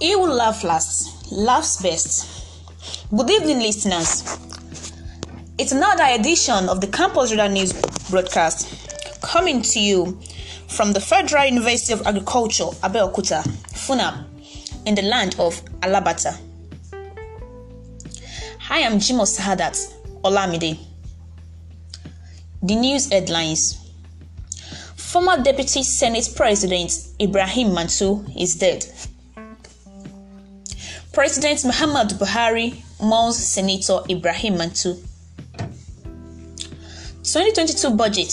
He will laugh last, laughs best. Good evening, listeners. It's another edition of the Campus Radar News broadcast coming to you from the Federal University of Agriculture, Abeokuta, Funab, in the land of Alabata. I am Jimo Sahadat Olamide. The news headlines Former Deputy Senate President Ibrahim Mansu is dead. President Muhammad Buhari mourns Senator Ibrahim Mantu. 2022 budget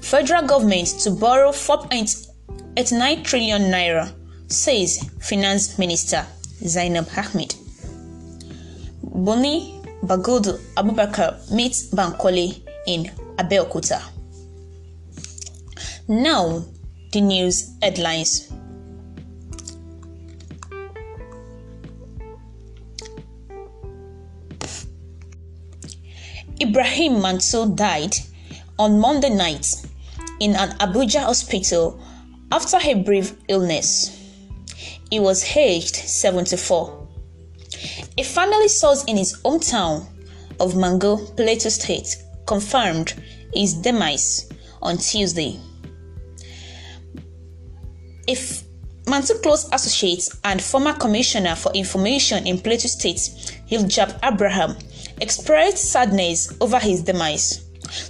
Federal government to borrow 4.89 trillion naira, says Finance Minister Zainab Ahmed. Boni Bagudu Abubakar meets Bankole in Abeokuta. Now, the news headlines. Ibrahim Mansour died on Monday night in an Abuja hospital after a brief illness. He was aged 74. A family source in his hometown of Mango, Plateau State, confirmed his demise on Tuesday. If Mansour close associate and former commissioner for information in Plateau State, Hiljab Abraham, expressed sadness over his demise,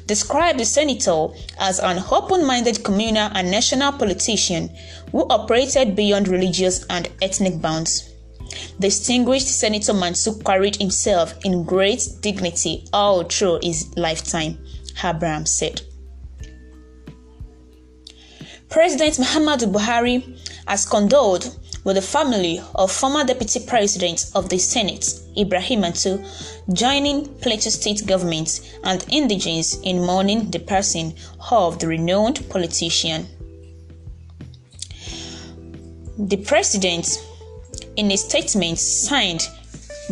described the senator as an open minded communal and national politician who operated beyond religious and ethnic bounds. Distinguished Senator Mansu carried himself in great dignity all through his lifetime, Abraham said. President Muhammadu Buhari has condoled with the family of former deputy president of the Senate, Ibrahim Atu, joining Plateau state government and indigenes in mourning the passing of the renowned politician. The president, in a statement signed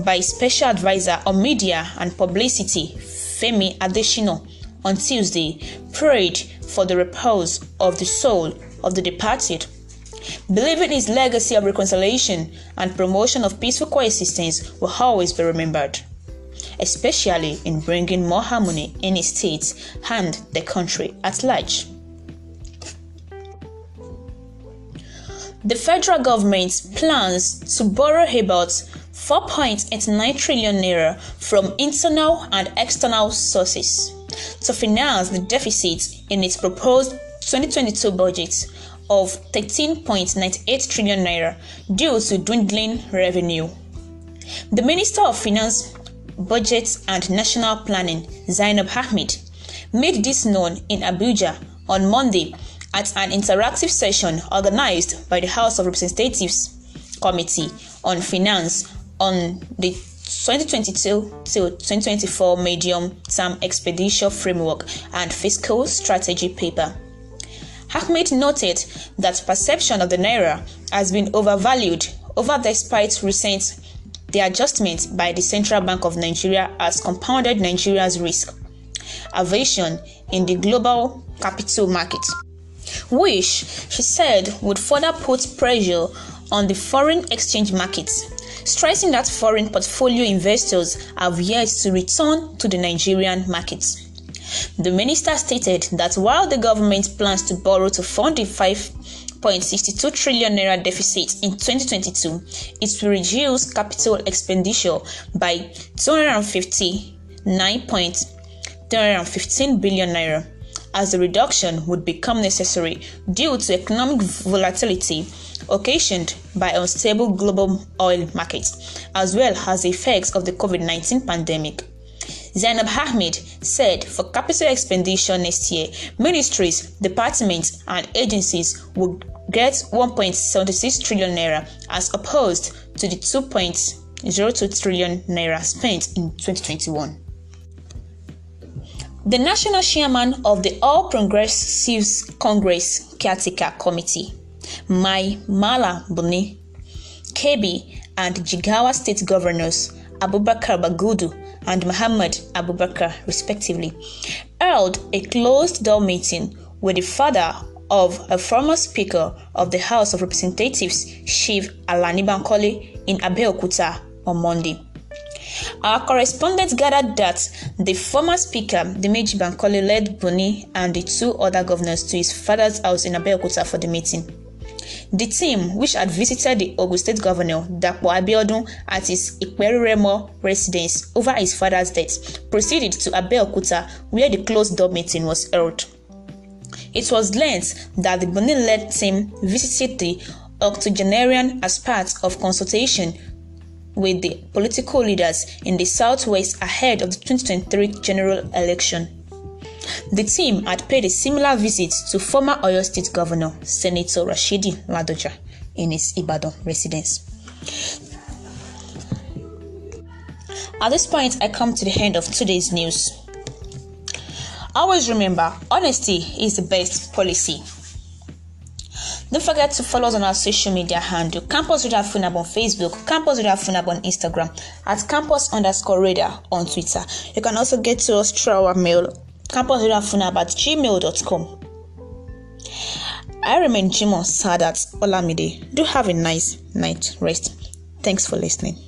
by Special Advisor on Media and Publicity, Femi Adesina, on Tuesday, prayed for the repose of the soul of the departed believing his legacy of reconciliation and promotion of peaceful coexistence will always be remembered, especially in bringing more harmony in his state and the country at large. The federal government plans to borrow about 4.89 trillion naira from internal and external sources to finance the deficit in its proposed 2022 budget of 13.98 trillion naira due to dwindling revenue. The Minister of Finance, Budget and National Planning, Zainab Ahmed, made this known in Abuja on Monday at an interactive session organized by the House of Representatives Committee on Finance on the 2022 to 2024 Medium Term Expenditure Framework and Fiscal Strategy Paper. Hackmate noted that perception of the naira has been overvalued over despite recent the adjustment by the Central Bank of Nigeria has compounded Nigeria's risk aversion in the global capital market, which, she said, would further put pressure on the foreign exchange markets, stressing that foreign portfolio investors have yet to return to the Nigerian markets. The minister stated that while the government plans to borrow to fund the 5.62 trillion naira deficit in 2022, it will reduce capital expenditure by 259.315 billion naira, as the reduction would become necessary due to economic volatility occasioned by unstable global oil markets, as well as the effects of the COVID 19 pandemic. Zainab Ahmed said for capital expenditure next year, ministries, departments, and agencies will get 1.76 trillion naira as opposed to the 2.02 trillion naira spent in 2021. The national chairman of the All Progressives Congress Caretaker Committee, Mai Mala Buni, KB, and Jigawa state governors Abubakar Bagudu and Muhammad Abubakar, respectively, held a closed door meeting with the father of a former Speaker of the House of Representatives, Shiv Alani Bankole, in Abeokuta on Monday. Our correspondents gathered that the former Speaker, Dimeji Bankole, led Buni and the two other governors to his father's house in Abeokuta for the meeting. The team, which had visited the Ogun State Governor Dapo Abiodun at his Iperuremo residence over his father's death, proceeded to Abeokuta, where the closed-door meeting was held. It was learned that the Benin-led team visited the octogenarian as part of consultation with the political leaders in the southwest ahead of the 2023 general election. The team had paid a similar visit to former Oyo State Governor Senator Rashidi Ladoja in his Ibadan residence. At this point, I come to the end of today's news. Always remember, honesty is the best policy. Don't forget to follow us on our social media handle Campus Radar Funab on Facebook, Campus Radar Funab on Instagram, at Campus underscore Radar on Twitter. You can also get to us through our mail campusrafuna at gmail.com. I remain Jimon Sadat Olamide. Do have a nice night rest. Thanks for listening.